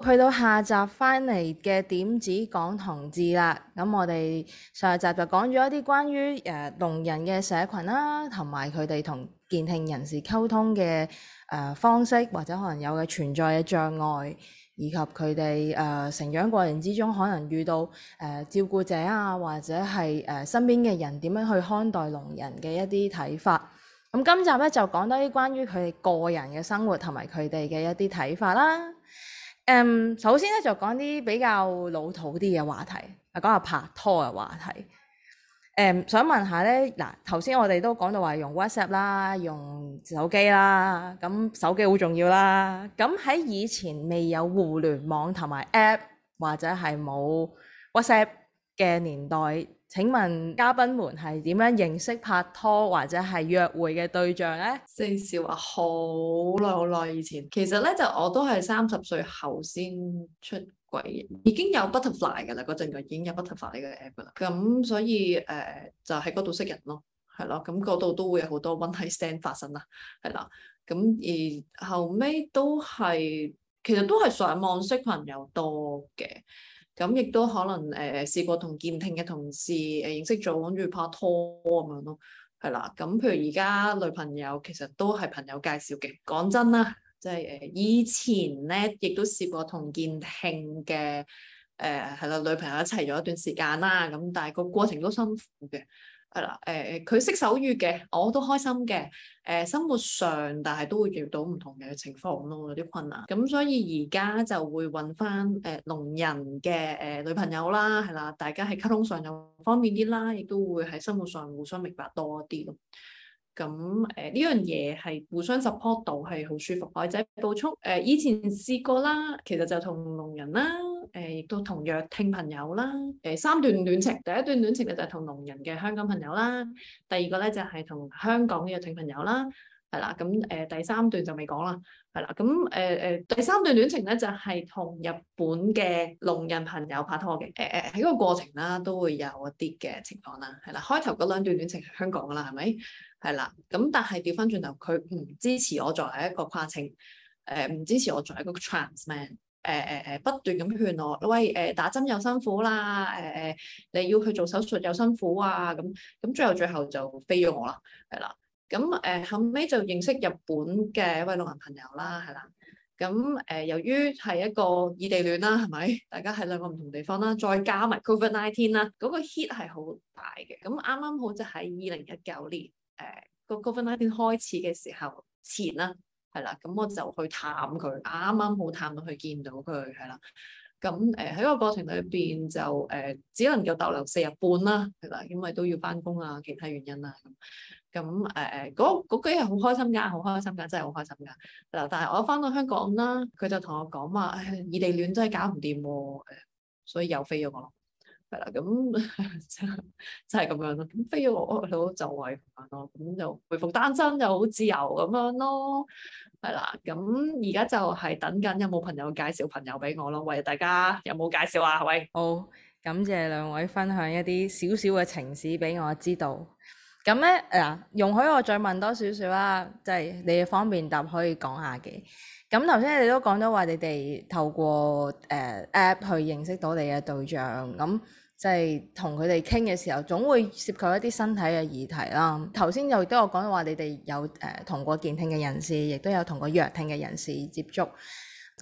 去到下集翻嚟嘅點子講同志啦，咁我哋上集就講咗一啲關於誒聾人嘅社群啦，同埋佢哋同健聽人士溝通嘅誒、呃、方式，或者可能有嘅存在嘅障礙，以及佢哋誒成長過程之中可能遇到誒、呃、照顧者啊，或者係誒、呃、身邊嘅人點樣去看待聾人嘅一啲睇法。咁今集咧就講多啲關於佢哋個人嘅生活同埋佢哋嘅一啲睇法啦。嗯，um, 首先咧就講啲比較老土啲嘅話題，啊講下拍拖嘅話題。誒，um，想問下咧，嗱頭先我哋都講到話用 WhatsApp 啦，用手機啦，咁手機好重要啦。咁喺以前未有互聯網同埋 App 或者係冇 WhatsApp 嘅年代，請問嘉賓們係點樣認識拍拖或者係約會嘅對象咧？正少話好耐好耐以前，其實咧就我都係三十歲後先出櫃，已經有 Butterfly 嘅啦，嗰陣就已經有 Butterfly 呢個 app 啦。咁所以誒就喺嗰度識人咯，係咯，咁嗰度都會有好多 one night stand 發生啦，係啦。咁而後尾都係其實都係上網識朋友多嘅。咁亦都可能誒試、呃、過同健聽嘅同事誒、呃、認識咗，諗住拍拖咁樣咯，係啦。咁譬如而家女朋友其實都係朋友介紹嘅。講真啦，即係誒以前咧，亦都試過同健聽嘅誒係啦女朋友一齊咗一段時間啦，咁、嗯、但係個過程都辛苦嘅。係啦，誒佢識手語嘅，我都開心嘅。誒、呃、生活上，但係都會遇到唔同嘅情況咯，有啲困難。咁所以而家就會揾翻誒聾人嘅誒、呃、女朋友啦，係啦，大家喺溝通上就方便啲啦，亦都會喺生活上互相明白多啲咯。咁誒呢樣嘢係互相 support 到係好舒服。或者補充誒，以前試過啦，其實就同聾人啦。誒，亦都同弱聽朋友啦。誒，三段戀情，第一段戀情咧就係同聾人嘅香港朋友啦。第二個咧就係同香港嘅弱聽朋友啦，係啦。咁誒，第三段就未講啦，係啦。咁誒誒，第三段戀情咧就係同日本嘅聾人朋友拍拖嘅。誒誒、呃，喺、這個過程啦，都會有一啲嘅情況啦，係啦。開頭嗰兩段戀情係香港噶啦，係咪？係啦。咁但係掉返轉頭，佢唔支持我作為一個跨性，誒、呃、唔支持我作為一個 trans man。誒誒誒不斷咁勸我，喂誒、呃呃、打針又辛苦啦，誒、呃、誒你要去做手術又辛苦啊，咁、嗯、咁、嗯、最後最後就飛咗我啦，係啦，咁、嗯、誒、呃、後尾就認識日本嘅一位老人朋友啦，係啦，咁、嗯、誒、呃、由於係一個異地戀啦，係咪？大家喺兩個唔同地方啦，再加埋 Covid nineteen 啦，嗰、那個 hit 係好大嘅，咁、呃、啱啱好就喺二零一九年誒個 Covid nineteen 開始嘅時候前啦。係啦，咁我就去探佢，啱啱好探到佢，見到佢，係啦。咁誒喺個過程裏邊就誒、呃、只能夠逗留四日半啦，係啦，因為都要翻工啊，其他原因啦。咁誒嗰嗰幾日好開心㗎，好開心㗎，真係好開心㗎。嗱，但係我翻到香港啦，佢就同我講話，誒，異地戀真係搞唔掂喎，誒，所以又飛咗我。係啦，咁 就就係咁樣咯。咁飛要我老就位范咯，咁就回復單身就好自由咁樣咯。係啦，咁而家就係等緊有冇朋友介紹朋友俾我咯。喂，大家有冇介紹啊？喂，好，感謝兩位分享一啲少少嘅情史俾我知道。咁咧啊，容許我再問多少少啦，即係你方便答可以講下嘅。咁頭先你都講咗話，你哋透過誒 app 去認識到你嘅對象咁。即係同佢哋傾嘅時候，總會涉及一啲身體嘅議題啦。頭先又都有講到話，你哋有誒、呃、同過健聽嘅人士，亦都有同過弱聽嘅人士接觸。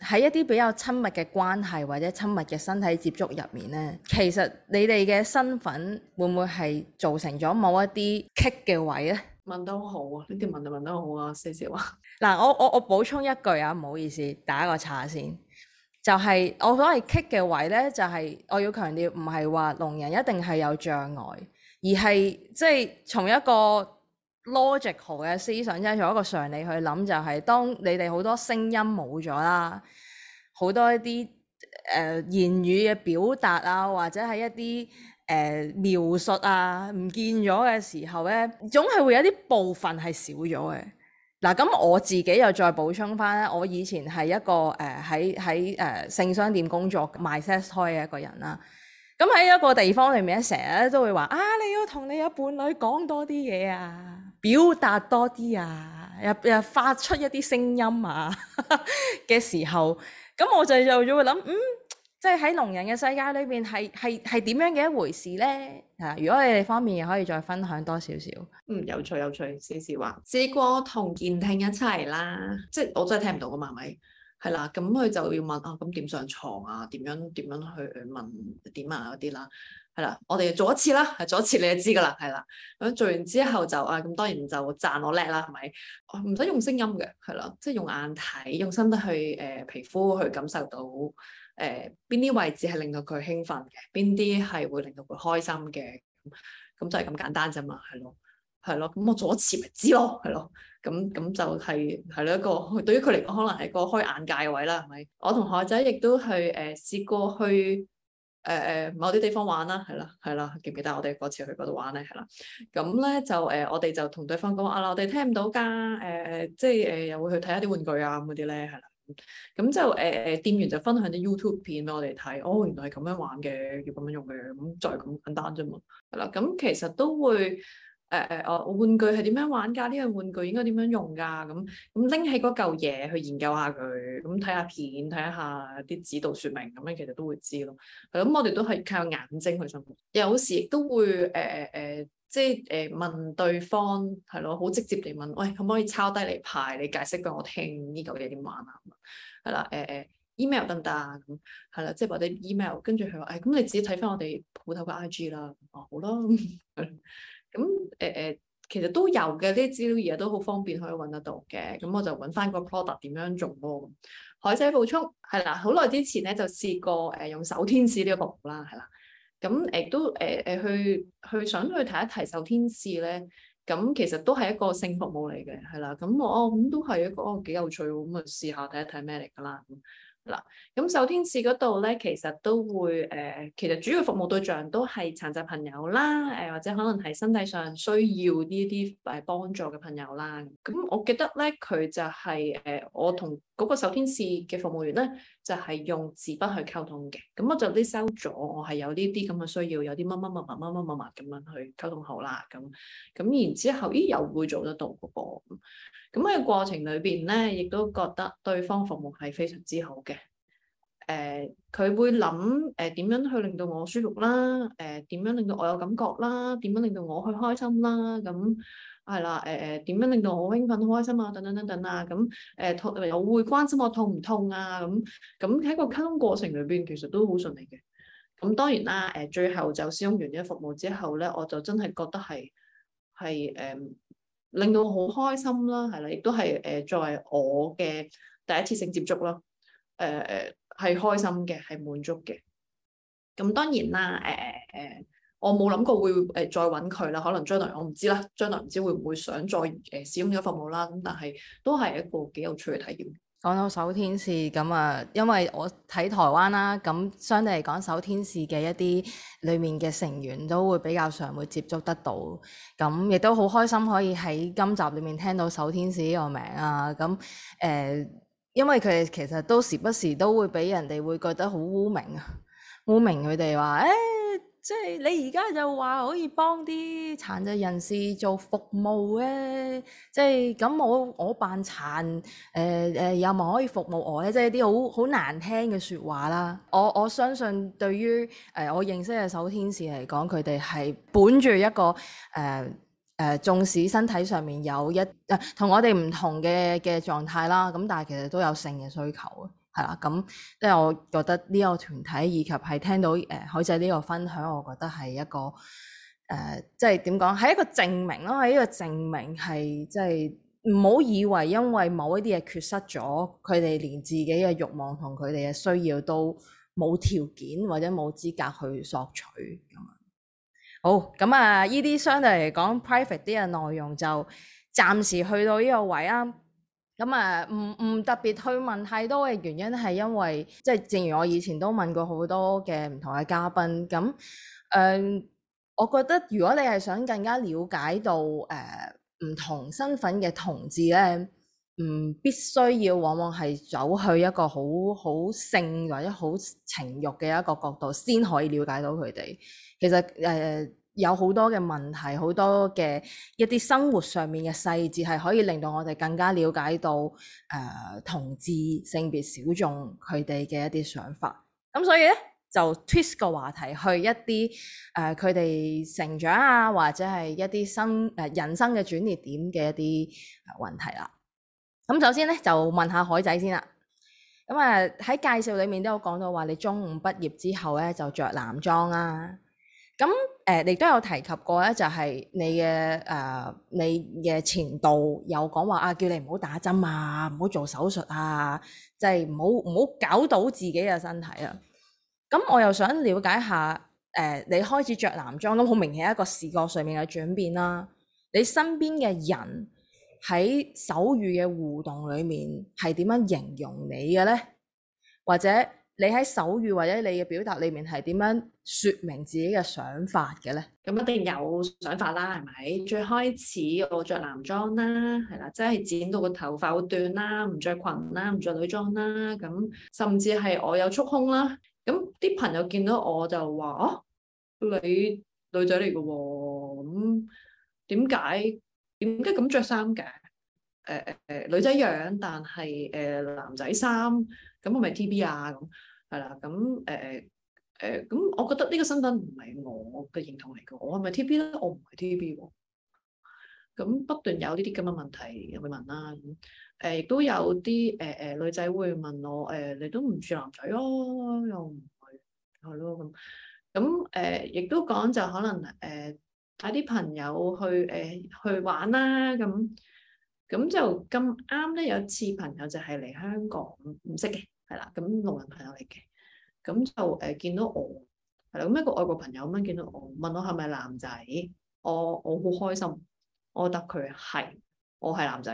喺一啲比較親密嘅關係或者親密嘅身體接觸入面咧，其實你哋嘅身份會唔會係造成咗某一啲棘嘅位咧？問得好啊！呢啲、嗯、問就問得好好啊！四少話嗱，我我我補充一句啊，唔好意思，打個岔先。就係我所謂 kick 嘅位呢，就係我要強調，唔係話聾人一定係有障礙，而係即係從一個 logical 嘅思想，即係從一個常理去諗，就係當你哋好多聲音冇咗啦，好多一啲誒言語嘅表達啊，或者係一啲誒描述啊，唔見咗嘅時候呢，總係會有啲部分係少咗嘅。嗱，咁、啊、我自己又再補充翻咧，我以前係一個誒喺喺誒性商店工作賣 sex toy 嘅一個人啦。咁喺一個地方裏面，成日都會話：啊，你要同你有伴侶講多啲嘢啊，表達多啲啊，又又發出一啲聲音啊嘅 時候，咁我就就咗會諗，嗯。即係喺聾人嘅世界裏邊係係係點樣嘅一回事咧？嚇，如果你哋方面可以再分享多少少。嗯，有趣有趣，試試話試過同健聽一齊啦，即係我真係聽唔到噶嘛係咪，係啦，咁佢就要問啊，咁點上床啊，點樣點樣去問點啊嗰啲啦，係啦，我哋做一次啦，係做一次你就知噶啦，係啦，咁做完之後就啊，咁當然就讚我叻啦，係咪？唔使用，用聲音嘅，係啦，即係用眼睇，用身體去誒、呃、皮膚去感受到。誒邊啲位置係令到佢興奮嘅，邊啲係會令到佢開心嘅，咁就係咁簡單啫嘛，係咯，係咯，咁我左切咪知咯，係咯，咁咁就係係咯一個對於佢嚟講可能係個開眼界嘅位啦，係咪？我同海仔亦都係誒試過去誒誒、呃、某啲地方玩啦，係啦係啦，記唔記得我哋嗰次去嗰度玩咧？係啦，咁咧就誒、呃、我哋就同對方講啊，嗱我哋聽唔到㗎，誒、呃、即係誒、呃、又會去睇下啲玩具啊咁嗰啲咧，係啦。咁就誒誒、呃，店員就分享啲 YouTube 片俾我哋睇，嗯、哦，原來係咁樣玩嘅，要咁樣用嘅，咁就係咁簡單啫嘛。係啦，咁其實都會誒誒，我、呃哦、玩具係點樣玩噶？呢、呢個玩具應該點樣用噶？咁咁拎起嗰嚿嘢去研究下佢，咁睇下片，睇下啲指導說明，咁樣其實都會知咯。咁我哋都係靠眼睛去上課，有時亦都會誒誒誒。呃呃即係誒問對方係咯，好直接地問，喂，可唔可以抄低嚟排？你解釋俾我聽呢嚿嘢點玩啊？係啦，誒 email 等等咁，係啦，即係或者 email，跟住佢話，誒、哎、咁你自己睇翻我哋鋪頭嘅 IG 啦。哦，好啦，咁誒誒，其實都有嘅，啲資料嘢都好方便可以揾得到嘅。咁、嗯、我就揾翻個 product 點樣做咯。海仔補充係啦，好耐之前咧就試過誒用手天使呢個服務啦，係啦。咁誒、呃、都誒誒、呃、去去想去睇一睇手天使咧，咁其實都係一個性服務嚟嘅，係啦。咁我咁、哦、都係一個幾、哦、有趣，咁咪試下睇一睇咩嚟㗎啦。嗱，咁手天使嗰度咧，其實都會誒、呃，其實主要服務對象都係殘疾朋友啦，誒、呃、或者可能係身體上需要呢啲誒幫助嘅朋友啦。咁我記得咧，佢就係、是、誒、呃，我同嗰個手天使嘅服務員咧，就係、是、用紙筆去溝通嘅。咁我就啲收咗，我係有呢啲咁嘅需要，有啲乜乜乜乜乜乜乜咁樣去溝通好啦。咁咁然之後，咦又會做得到嗰個？咁喺、嗯、個過程裏邊咧，亦都覺得對方服務係非常之好嘅。誒、呃，佢會諗誒點樣去令到我舒服啦，誒、呃、點樣令到我有感覺啦，點樣令到我去開心啦，咁係啦，誒誒點樣令到我興奮、好開心啊，等等等等啊，咁誒痛又會關心我痛唔痛啊，咁咁喺個溝通過程裏邊，其實都好順利嘅。咁、啊、當然啦，誒、啊、最後就使用完咗服務之後咧，我就真係覺得係係誒。令到好開心啦，係啦，亦都係誒作為我嘅第一次性接觸啦，誒誒係開心嘅，係滿足嘅。咁當然啦，誒、呃、誒我冇諗過會誒再搵佢啦，可能將來我唔知啦，將來唔知會唔會想再誒使用呢個服務啦。咁但係都係一個幾有趣嘅體驗。講到手天使。咁啊，因為我睇台灣啦，咁相對嚟講手天使嘅一啲裏面嘅成員都會比較常會接觸得到，咁亦都好開心可以喺今集裏面聽到手天使呢個名啊。咁誒，因為佢哋其實都時不時都會俾人哋會覺得好污名啊，污名佢哋話誒。哎即係你而家就話可以幫啲殘疾人士做服務咧，即係咁我我扮殘，誒誒有冇可以服務我咧？即係一啲好好難聽嘅説話啦。我我相信對於誒、呃、我認識嘅手天使嚟講，佢哋係本住一個誒誒、呃呃，縱使身體上面有一誒、呃、同我哋唔同嘅嘅狀態啦，咁但係其實都有性嘅需求係啦，咁即係我覺得呢個團體以及係聽到誒、呃、海仔呢個分享，我覺得係一個誒，即係點講，係一個證明咯，係、嗯呃就是就是、一個證明，係即係唔好以為因為某一啲嘢缺失咗，佢哋連自己嘅欲望同佢哋嘅需要都冇條件或者冇資格去索取咁啊、嗯。好，咁、嗯、啊，呢、嗯、啲相對嚟講 private 啲嘅內容就暫時去到呢個位啊。嗯咁啊，唔唔、嗯嗯、特別去問太多嘅原因係因為，即、就、係、是、正如我以前都問過好多嘅唔同嘅嘉賓，咁誒、呃，我覺得如果你係想更加了解到誒唔、呃、同身份嘅同志咧，唔必須要往往係走去一個好好性或者好情慾嘅一個角度先可以了解到佢哋。其實誒。呃有好多嘅問題，好多嘅一啲生活上面嘅細節係可以令到我哋更加了解到誒、呃、同志性別小眾佢哋嘅一啲想法。咁所以咧就 twist 個話題去一啲誒佢哋成長啊，或者係一啲生誒人生嘅轉捩點嘅一啲問題啦。咁首先咧就問下海仔先啦。咁啊喺介紹裡面都有講到話，你中五畢業之後咧就着男裝啊。咁誒，亦都有提及過咧，就係、是、你嘅誒、呃，你嘅前度有講話啊，叫你唔好打針啊，唔好做手術啊，就係唔好唔好搞到自己嘅身體啊。咁我又想了解下，誒、呃，你開始着男裝都好明顯一個視覺上面嘅轉變啦、啊。你身邊嘅人喺手語嘅互動裏面係點樣形容你嘅咧？或者？你喺手語或者你嘅表達裏面係點樣說明自己嘅想法嘅咧？咁一定有想法啦，係咪？最開始我着男裝啦，係啦，即係剪到個頭髮好短啦，唔着裙啦，唔着女裝啦，咁甚至係我有束胸啦。咁啲朋友見到我就話，哦、啊，你女仔嚟嘅喎，咁點解點解咁着衫嘅？誒誒誒，女仔樣，但係誒、呃、男仔衫，咁我咪 TB 啊咁。係啦，咁誒誒，咁、呃呃呃呃、我覺得呢個身份唔係我嘅認同嚟嘅，我係咪 TB 咧？我唔係 TB 喎。咁不斷有呢啲咁嘅問題會問、呃、有去問啦，誒亦都有啲誒誒女仔會問我，誒、呃、你都唔似男仔咯、哦，又唔係咯咁，咁誒亦都講就可能誒帶啲朋友去誒、呃、去玩啦，咁咁就咁啱咧，有一次朋友就係嚟香港唔識嘅。係啦，咁聾人朋友嚟嘅，咁就誒、欸、見到我係啦，咁、嗯、一個外國朋友咁樣見到我，問我係咪男仔，我我好開心，我答佢係，我係男仔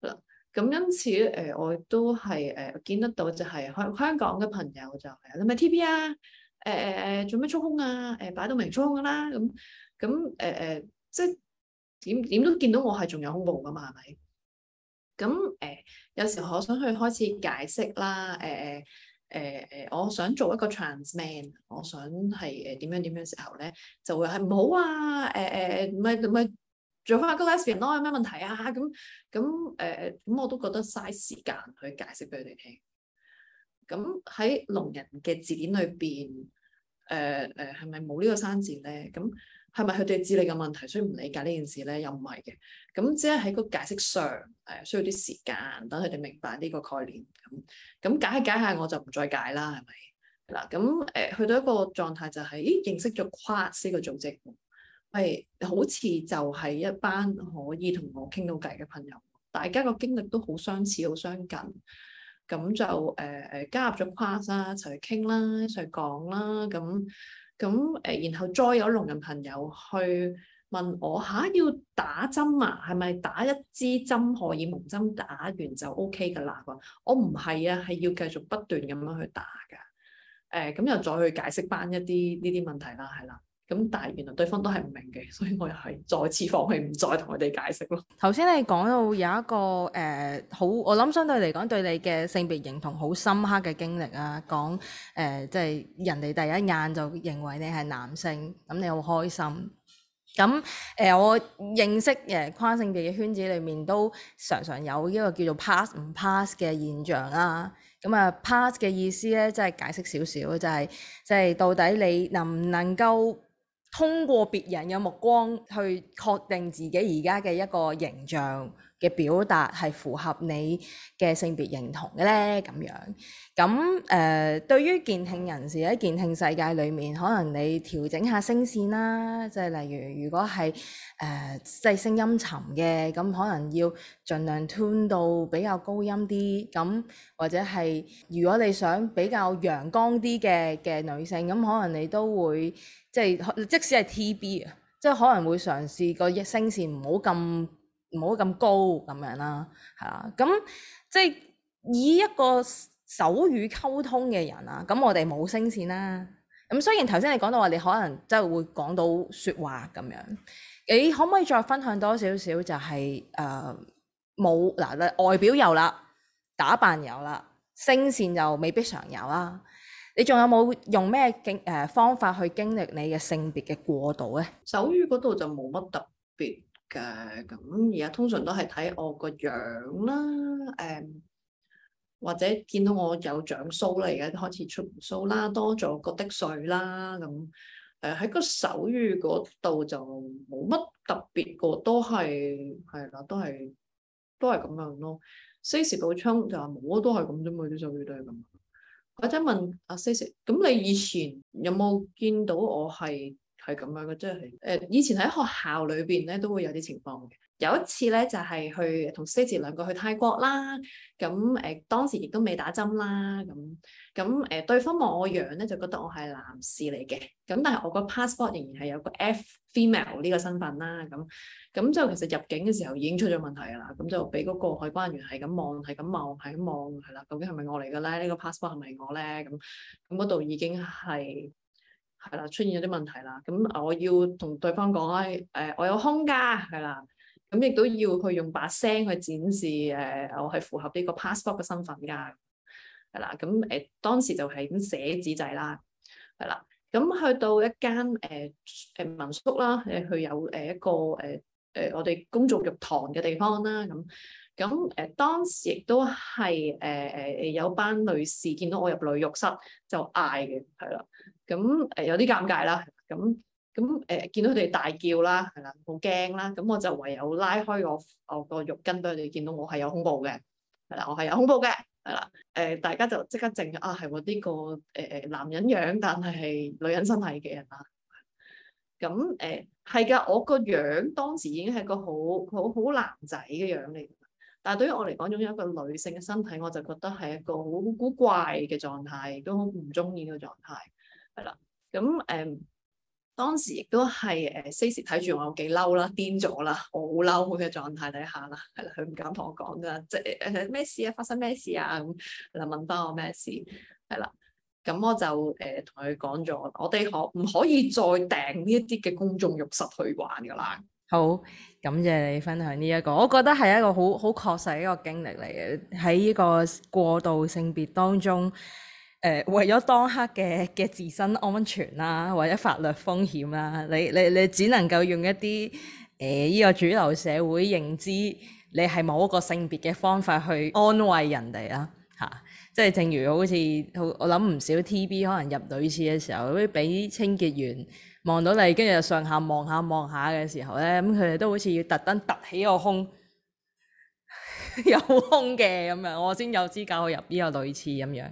啦。咁、嗯、因此咧、欸，我亦都係誒見得到就係、是、香香港嘅朋友就係你咪 TB 啊，誒誒誒做咩束胸啊，誒、呃、擺到明束胸噶啦，咁咁誒誒即點點都見到我係仲有胸部噶嘛，係咪？咁誒、呃、有時候我想去開始解釋啦，誒誒誒誒，我想做一個 trans man，我想係誒點樣點樣時候咧，就會係唔好啊，誒、呃、誒，咪、呃、咪做翻個 lesbian 咯，有咩問題啊？咁咁誒咁我都覺得嘥時間去解釋俾佢哋聽。咁喺聾人嘅字典裏邊，誒誒係咪冇呢個生字咧？咁？係咪佢哋智力嘅問題，所以唔理解呢件事咧？又唔係嘅，咁只係喺個解釋上誒、呃，需要啲時間等佢哋明白呢個概念。咁咁解一下解一下，我就唔再解啦，係咪？嗱，咁、呃、誒去到一個狀態就係、是，咦，認識咗跨思個組織，係好似就係一班可以同我傾到偈嘅朋友，大家個經歷都好相似，好相近。咁就誒誒、呃、加入咗跨思啊，一齊去傾啦，一齊去講啦，咁。咁誒，然後再有聾人朋友去問我嚇，要打針啊？係咪打一支針荷爾蒙針打完就 OK 噶啦？我唔係啊，係要繼續不斷咁樣去打嘅。誒、欸，咁又再去解釋返一啲呢啲問題啦，係啦。咁但係原來對方都係唔明嘅，所以我又係再次放棄，唔再同佢哋解釋咯。頭先你講到有一個誒、呃、好，我諗相對嚟講對你嘅性別認同好深刻嘅經歷啊，講誒即係人哋第一眼就認為你係男性，咁你好開心。咁誒、呃、我認識誒跨性別嘅圈子裏面都常常有一個叫做 pass 唔 pass 嘅現象啦、啊。咁啊 pass 嘅意思咧，即、就、係、是、解釋少少就係即係到底你能唔能夠，通過別人嘅目光去確定自己而家嘅一個形象嘅表達係符合你嘅性別認同嘅咧，咁樣咁誒、呃，對於健聽人士喺健聽世界裏面，可能你調整下聲線啦，即係，例如如果係誒細聲音沉嘅，咁可能要盡量 tune 到比較高音啲，咁或者係如果你想比較陽光啲嘅嘅女性，咁可能你都會。即係即使係 T.B. 啊，即係可能會嘗試個聲線唔好咁唔好咁高咁樣啦，係啊。咁即係以一個手語溝通嘅人啊，咁我哋冇聲線啦。咁雖然頭先你講到話你可能真係會講到説話咁樣，你可唔可以再分享多少少就係誒冇嗱外表有啦，打扮有啦，聲線就未必常有啦。你仲有冇用咩經誒方法去經歷你嘅性別嘅過渡咧？手語嗰度就冇乜特別嘅，咁而家通常都係睇我個樣啦，誒、嗯、或者見到我有長鬚啦，而家開始出鬍鬚啦，多咗個滴水啦，咁誒喺個手語嗰度就冇乜特別嘅，都係係啦，都係都係咁樣咯。Stacey 補充就話冇，都係咁啫嘛，啲手語都係咁。或者問阿 Cici，咁你以前有冇見到我係係咁樣嘅？即係誒，以前喺學校裏邊咧都會有啲情況嘅。有一次咧就係、是、去同 Stacey 兩個去泰國啦，咁誒、呃、當時亦都未打針啦，咁咁誒對方望我樣咧就覺得我係男士嚟嘅，咁但係我個 passport 仍然係有個 F female 呢個身份啦，咁咁就其實入境嘅時候已經出咗問題啦，咁就俾嗰個海關員係咁望係咁望係咁望係啦，究竟係咪我嚟嘅咧？這個、是是呢個 passport 係咪我咧？咁咁嗰度已經係係啦出現咗啲問題啦，咁我要同對方講咧誒，我有胸㗎係啦。咁亦都要去用把聲去展示，誒、呃、我係符合呢個 passport 嘅身份㗎，係啦。咁誒、呃、當時就係咁寫紙仔啦，係啦。咁去到一間誒誒、呃、民宿啦，誒佢有誒一個誒誒、呃呃、我哋公眾浴堂嘅地方啦，咁咁誒當時亦都係誒誒有班女士見到我入女浴室就嗌嘅，係啦。咁誒、呃、有啲尷尬啦，咁、嗯。咁誒、呃、見到佢哋大叫啦，係啦，好驚啦。咁我就唯有拉開個我個肉巾俾佢哋，見到我係有恐怖嘅，係啦，我係有恐怖嘅，係啦。誒、呃，大家就即刻靜啊，係喎，呢個誒誒男人樣，但係係女人身體嘅人啊。咁誒係㗎，我個樣當時已經係個好好好男仔嘅樣嚟，但係對於我嚟講，擁有一個女性嘅身體，我就覺得係一個好古怪嘅狀態，都好唔中意呢個狀態，係啦。咁誒。嗯嗯當時亦都係誒 sales 睇住我幾嬲啦，癲咗啦，我好嬲嘅狀態底下啦，係啦，佢唔敢同我講噶，即係誒咩事啊？發生咩事啊？咁係啦，問翻我咩事？係啦，咁我就誒同佢講咗，我哋可唔可以再訂呢一啲嘅公眾浴室去玩噶啦？好，感謝你分享呢一個，我覺得係一個好好確實一個經歷嚟嘅，喺呢個過渡性別當中。誒、呃、為咗當刻嘅嘅自身安全啦、啊，或者法律風險啦、啊，你你你只能夠用一啲誒呢個主流社會認知，你係某一個性別嘅方法去安慰人哋啦嚇，即係正如好似我諗唔少 TB 可能入女廁嘅時候，會俾清潔員望到你，跟住上下望下望下嘅時候咧，咁佢哋都好似要特登凸、凸起個胸， 有胸嘅咁樣，我先有資格去入呢個女廁咁樣。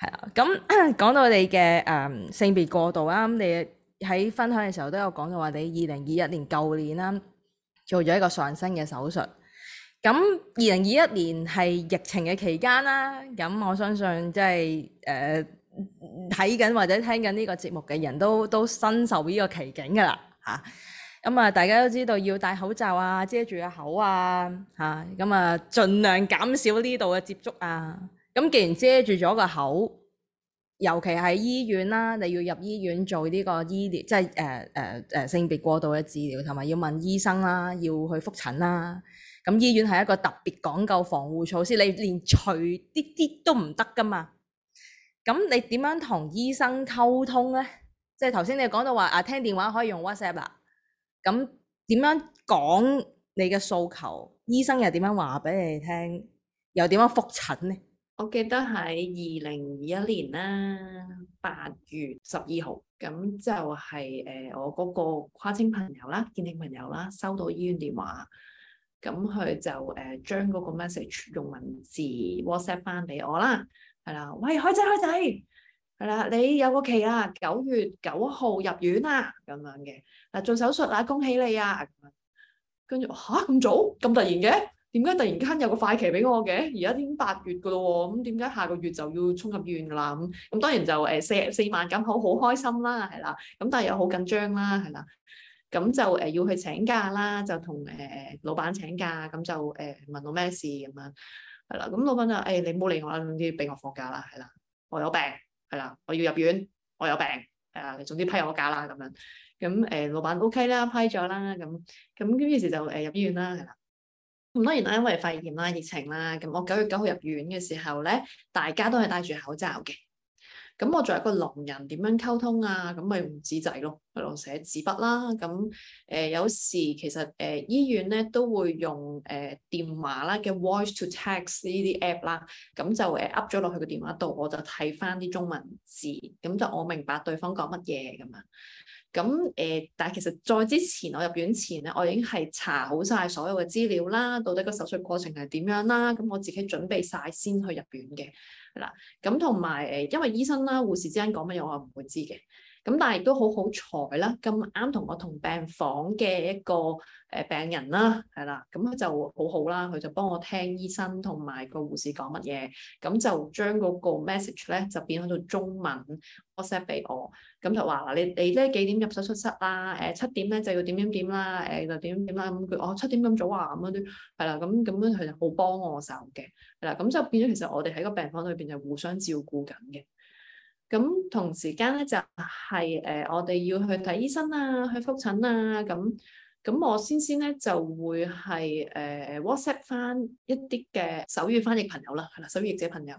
係啦，咁講、嗯、到你嘅誒、嗯、性別過度啦，咁、嗯、你喺分享嘅時候都有講到話，你二零二一年舊年啦做咗一個上身嘅手術。咁二零二一年係疫情嘅期間啦，咁、嗯、我相信即係誒睇緊或者聽緊呢個節目嘅人都都深受呢個奇景噶啦吓。咁啊、嗯，大家都知道要戴口罩啊，遮住個口啊吓，咁啊盡量減少呢度嘅接觸啊。嗯嗯咁既然遮住咗個口，尤其係醫院啦，你要入醫院做呢個醫療，即係誒誒誒性別過渡嘅治療，同埋要問醫生啦，要去覆診啦。咁醫院係一個特別講究防護措施，你連除啲啲都唔得㗎嘛。咁你點樣同醫生溝通咧？即係頭先你講到話啊，聽電話可以用 WhatsApp 啊。咁點樣講你嘅訴求？醫生又點樣話俾你聽？又點樣覆診咧？我記得喺二零二一年啦，八月十二號，咁就係誒我嗰個跨青朋友啦，見證朋友啦，收到醫院電話，咁佢就誒將嗰個 message 用文字 WhatsApp 翻俾我啦，係啦，喂，海仔海仔，係啦，你有個期啊，九月九號入院啊，咁樣嘅，嗱做手術啊，恭喜你啊，跟住吓咁早咁突然嘅。點解突然間有個快期俾我嘅？而家已經八月噶啦喎，咁點解下個月就要衝入醫院噶啦？咁咁當然就誒四四萬咁口，好好開心啦，係啦。咁但係又好緊張啦，係啦。咁就誒、呃、要去請假啦，就同誒、呃、老闆請假，咁就誒、呃、問我咩事咁樣，係啦。咁老闆就誒、欸、你唔好理我啦，總之俾我放假啦，係啦。我有病，係啦，我要入院，我有病，係啊，總之批我假啦咁樣。咁、呃、誒老闆 OK 啦，批咗啦，咁咁於是就誒入醫院啦，係啦。咁當然啦，因為肺炎啦、疫情啦，咁我九月九號入院嘅時候咧，大家都係戴住口罩嘅。咁我作為一個聾人，點樣溝通啊？咁咪用紙仔咯，去攞寫紙筆啦。咁誒、呃、有時其實誒、呃、醫院咧都會用誒、呃、電話啦嘅 voice to text 呢啲 app 啦，咁就誒噏咗落去個電話度，我就睇翻啲中文字，咁就我明白對方講乜嘢咁樣。咁誒，但係其實在之前我入院前咧，我已經係查好晒所有嘅資料啦，到底個手術過程係點樣啦，咁我自己準備晒先去入院嘅嗱。咁同埋誒，因為醫生啦、護士之間講乜嘢，我唔會知嘅。咁但係亦都好好彩啦，咁啱同我同病房嘅一個誒病人啦，係啦，咁就好好啦，佢就幫我聽醫生同埋個護士講乜嘢，咁就將嗰個 message 咧就變咗到中文 WhatsApp 俾我，咁就話嗱你你咧幾點入手術室啦？誒、呃、七點咧就要點點點、呃、點點點、哦、點點啦，誒就點點點啦，咁佢哦七點咁早啊咁樣都係啦，咁咁樣佢就好幫我手嘅，係啦，咁就變咗其實我哋喺個病房裏邊就互相照顧緊嘅。咁同時間咧就係、是、誒、呃、我哋要去睇醫生啊，去覆診啊，咁咁我先先咧就會係誒、呃、WhatsApp 返一啲嘅手語翻譯朋友啦，係啦，手語譯者朋友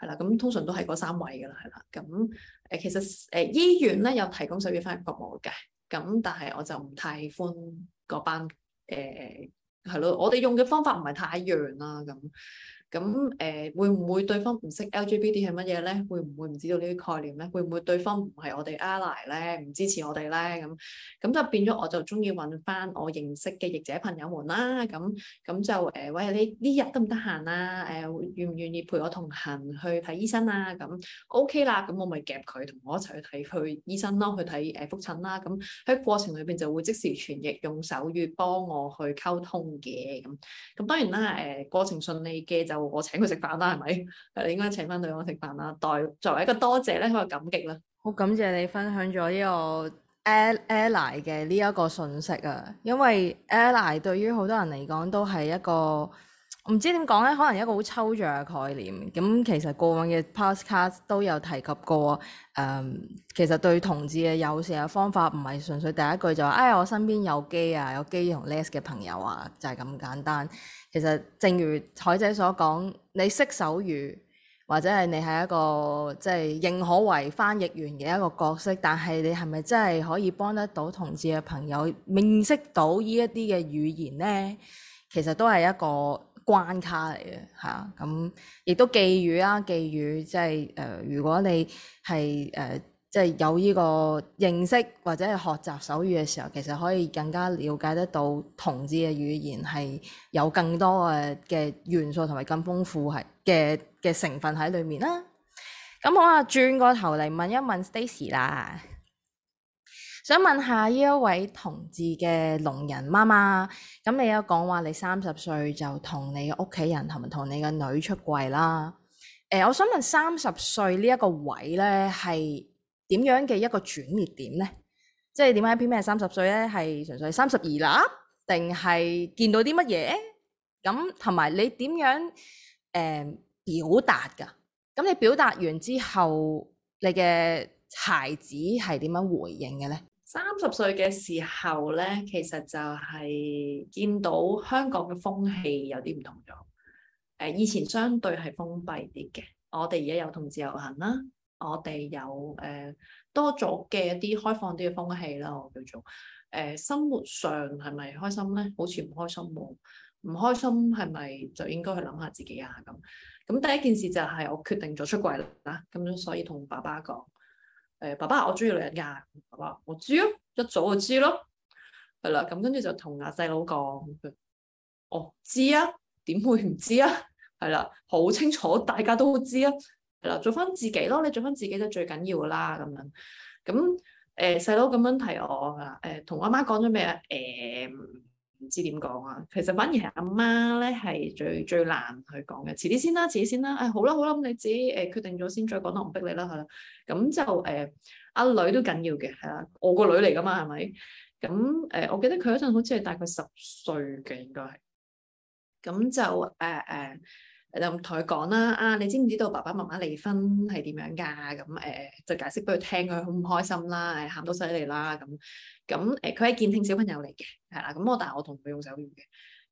係啦，咁通常都係嗰三位㗎啦，係啦，咁誒、呃、其實誒、呃、醫院咧有提供手語翻譯服務嘅，咁但係我就唔太喜歡嗰班誒係咯，我哋用嘅方法唔係太一樣啦，咁。咁誒、呃、會唔會對方唔識 LGBT 係乜嘢咧？會唔會唔知道呢啲概念咧？會唔會對方唔係我哋 ally 咧？唔支持我哋咧？咁咁就變咗我就中意搵返我認識嘅譯者朋友們啦。咁咁就誒，喂、呃、你呢日得唔得閒啊？誒、呃、願唔願意陪我同行去睇醫生啊？咁 OK 啦，咁我咪夾佢同我一齊去睇去醫生咯，去睇誒覆診啦。咁喺過程裏邊就會即時傳譯，用手語幫我去溝通嘅。咁咁當然啦，誒、呃、過程順利嘅就。我請佢食飯啦，係咪？你應該請翻對我食飯啦，代作為一個多謝咧，一個感激啦。好感謝你分享咗呢個 Ally 嘅呢一個信息啊，因為 Ally 對於好多人嚟講都係一個。唔知點講咧，可能一個好抽象嘅概念。咁其實過往嘅 podcast 都有提及過，誒、嗯，其實對同志嘅友善嘅方法唔係純粹第一句就係、是，誒、哎，我身邊有 gay 啊，有 gay 同 les 嘅朋友啊，就係、是、咁簡單。其實正如海仔所講，你識手語或者係你係一個即係認可為翻譯員嘅一個角色，但係你係咪真係可以幫得到同志嘅朋友認識到呢一啲嘅語言呢？其實都係一個。關卡嚟嘅，係咁亦都寄語啦、啊。寄語即係誒，如果你係誒，即、呃、係、就是、有呢個認識或者係學習手語嘅時候，其實可以更加瞭解得到同志嘅語言係有更多誒嘅元素同埋更豐富係嘅嘅成分喺裡面啦。咁好啊，好轉個頭嚟問一問 Stacey 啦。想問下呢一位同志嘅聾人媽媽，咁你有講話你三十歲就同你屋企人同埋同你嘅女出櫃啦？誒、呃，我想問三十歲呢一個位咧係點樣嘅一個轉捩點呢？即係點解偏偏係三十歲咧？係純粹三十二啦，定係見到啲乜嘢？咁同埋你點樣誒、呃、表達㗎？咁你表達完之後，你嘅孩子係點樣回應嘅咧？三十歲嘅時候咧，其實就係見到香港嘅風氣有啲唔同咗。誒，以前相對係封閉啲嘅，我哋而家有同志遊行啦，我哋有誒、呃、多咗嘅一啲開放啲嘅風氣啦。我叫做誒、呃，生活上係咪開心咧？好似唔開心喎，唔開心係咪就應該去諗下自己啊？咁咁第一件事就係我決定咗出櫃啦，咁樣所以同爸爸講。誒爸爸，我中意女人㗎，爸爸，我知啊，一早就知咯，係啦，咁跟住就同阿細佬講，我、哦、知啊，點會唔知啊？係啦，好清楚，大家都會知啊，係啦，做翻自己咯，你做翻自己就最緊要啦，咁樣，咁誒細佬咁樣提我啊，誒同阿媽講咗咩啊？誒、嗯。唔知點講啊，其實反而係阿媽咧係最最難去講嘅。遲啲先啦，遲啲先啦。誒好啦好啦，咁你自己誒、呃、決定咗先，再講得唔逼你啦嚇。咁就誒阿、呃、女都緊要嘅，係啦，我個女嚟㗎嘛，係咪？咁誒、呃，我記得佢嗰陣好似係大概十歲嘅應該係。咁就誒誒。呃呃就同佢講啦，啊，你知唔知道爸爸媽媽離婚係點樣，嗯就是樣噶？咁誒就解釋俾佢聽，佢好唔開心啦，喊到犀利啦，咁咁誒佢係健聽小朋友嚟嘅，係啦。咁、嗯、我但係我同佢用手語嘅，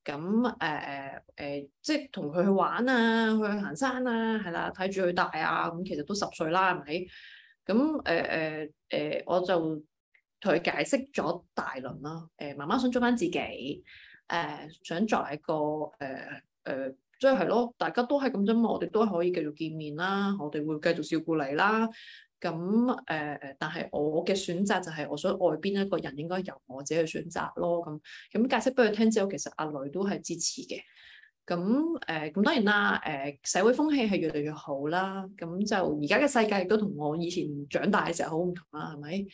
咁誒誒誒，即係同佢去玩啊，去行山啊，係啦，睇住佢大啊，咁其實都十歲啦，係咪？咁誒誒誒，我就同佢解釋咗大輪啦，誒媽媽想做翻自己，誒、呃、想作為一個誒誒。呃呃即係係咯，大家都係咁啫嘛。我哋都可以繼續見面啦，我哋會繼續照顧你啦。咁誒誒，但係我嘅選擇就係我想外邊一個人應該由我自己去選擇咯。咁咁解釋俾佢聽之後，其實阿女都係支持嘅。咁誒咁當然啦，誒、呃、社會風氣係越嚟越好啦。咁就而家嘅世界亦都同我以前長大嘅時候好唔同啦，係咪？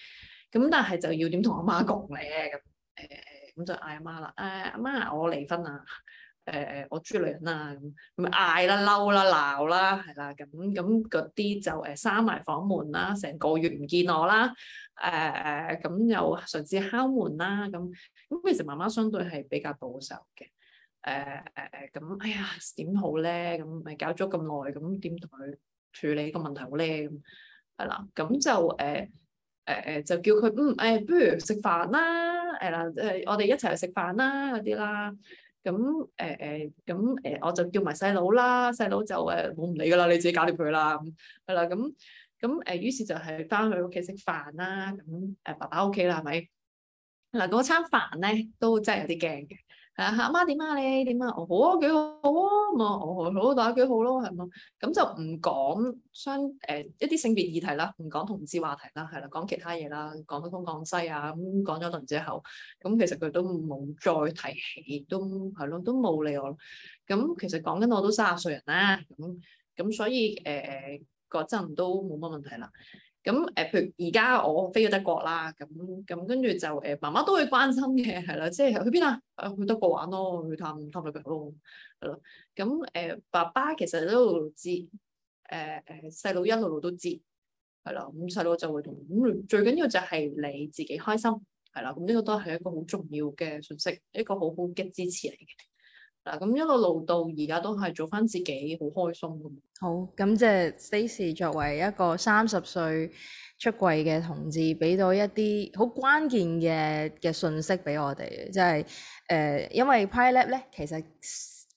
咁但係就要點同阿媽講咧？咁誒咁就嗌阿媽啦。誒、啊、阿媽，我離婚啦。誒誒、呃，我中意女人啦、啊，咁咪嗌啦、嬲啦、鬧啦，係啦，咁咁嗰啲就誒閂埋房門啦，成個月唔見我啦，誒、呃、誒，咁又甚至敲門啦，咁咁其實媽媽相對係比較保守嘅，誒誒誒，咁哎呀點好咧？咁咪搞咗咁耐，咁點同佢處理個問題好咧？咁係啦，咁就誒誒誒，就叫佢嗯誒、呃，不如食飯、呃、飯啦，係啦，誒我哋一齊去食飯啦嗰啲啦。咁誒誒，咁誒、呃，我就叫埋細佬啦，細佬就誒我唔理㗎啦，你自己搞掂佢啦，係啦，咁咁誒，於是就係翻去屋企食飯啦，咁誒爸爸屋企啦，係咪？嗱嗰餐飯咧，都真係有啲驚嘅。係阿媽點啊？媽啊你點啊，哦好啊，幾、嗯哦，好，好啊，咁啊，哦好，大家幾好咯，係、呃、嘛，咁就唔講相誒一啲性別議題啦，唔講同志話題啦，係啦，講其他嘢啦，講東講西啊，咁講咗輪之後，咁其實佢都冇再提起，都係咯，都冇理我，咁其實講緊我都三十歲人啦，咁咁所以誒嗰陣都冇乜問題啦。咁誒，譬如而家我飛咗德國啦，咁咁跟住就誒，媽媽都會關心嘅，係啦，即係去邊啊？去德國玩咯，去探探女朋友咯，係啦。咁誒、呃，爸爸其實一路都知，誒、呃、誒，細佬一路路都知，係啦。咁細佬就會同你，咁最緊要就係你自己開心，係啦。咁呢個都係一個好重要嘅信息，一個好好嘅支持嚟嘅。嗱，咁一個路到而家都係做翻自己，好開心噶嘛。好，咁即係 Stacey 作為一個三十歲出櫃嘅同志，俾到一啲好關鍵嘅嘅信息俾我哋，即係誒，因為 PrideLab 咧，其實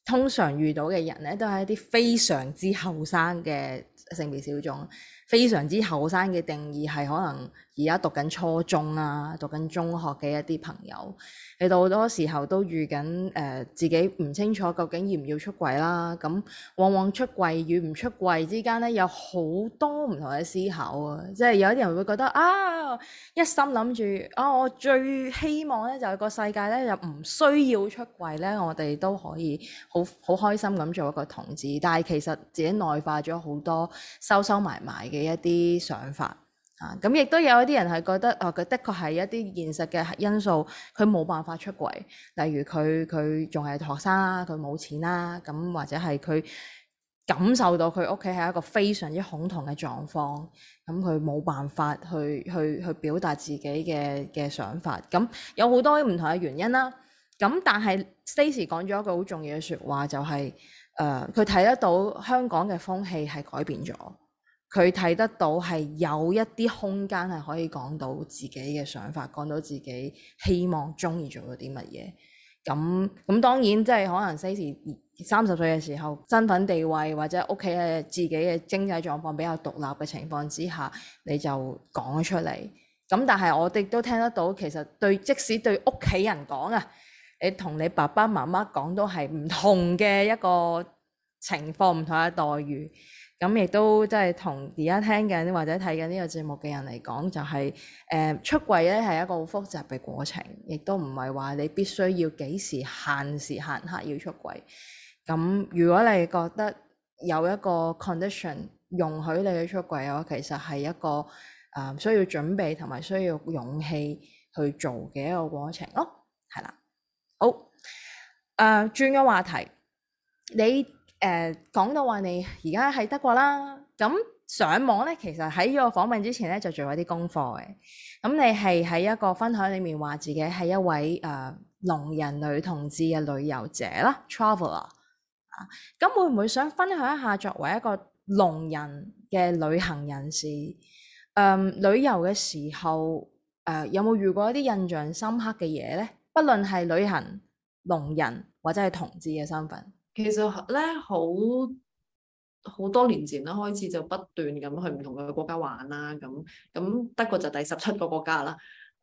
通常遇到嘅人咧，都係一啲非常之後生嘅性別小眾，非常之後生嘅定義係可能。而家讀緊初中啊，讀緊中，中學嘅一啲朋友，你到好多時候都遇緊誒、呃、自己唔清楚究竟要唔要出櫃啦。咁往往出櫃與唔出櫃之間咧，有好多唔同嘅思考啊。即係有啲人會覺得啊，一心諗住啊，我最希望咧就係個世界咧又唔需要出櫃咧，我哋都可以好好開心咁做一個同志。但係其實自己內化咗好多收收埋埋嘅一啲想法。啊，咁亦都有一啲人係覺得，哦，佢的確係一啲現實嘅因素，佢冇辦法出櫃，例如佢佢仲係學生啦，佢冇錢啦，咁、嗯、或者係佢感受到佢屋企係一個非常之恐同嘅狀況，咁佢冇辦法去去去表達自己嘅嘅想法，咁、嗯、有好多唔同嘅原因啦。咁、嗯、但係 Stacey 講咗一句好重要嘅説話，就係、是、誒，佢、呃、睇得到香港嘅風氣係改變咗。佢睇得到係有一啲空間係可以講到自己嘅想法，講到自己希望中意做咗啲乜嘢。咁咁當然即係可能，有時三十歲嘅時候，身份地位或者屋企嘅自己嘅經濟狀況比較獨立嘅情況之下，你就講出嚟。咁但係我哋都聽得到，其實對即使對屋企人講啊，你同你爸爸媽媽講都係唔同嘅一個情況，唔同嘅待遇。咁亦、嗯、都即係同而家聽緊或者睇緊呢個節目嘅人嚟講，就係、是、誒、呃、出櫃咧係一個好複雜嘅過程，亦都唔係話你必須要幾時限時限刻要出櫃。咁、嗯、如果你覺得有一個 condition 容許你出櫃嘅話，其實係一個誒、呃、需要準備同埋需要勇氣去做嘅一個過程咯，係啦。好，誒、呃、轉個話題，你。誒、uh, 講到話你而家喺德國啦，咁上網咧，其實喺呢個訪問之前咧就做咗啲功課嘅。咁你係喺一個分享裏面話自己係一位誒聾、呃、人女同志嘅旅遊者啦，traveler。咁 tra、er 啊、會唔會想分享一下作為一個聾人嘅旅行人士，誒、呃、旅遊嘅時候誒、呃、有冇遇過一啲印象深刻嘅嘢呢？不論係旅行聾人或者係同志嘅身份。其實咧，好好多年前啦，開始就不斷咁去唔同嘅國家玩啦。咁咁德國就第十七個國家啦。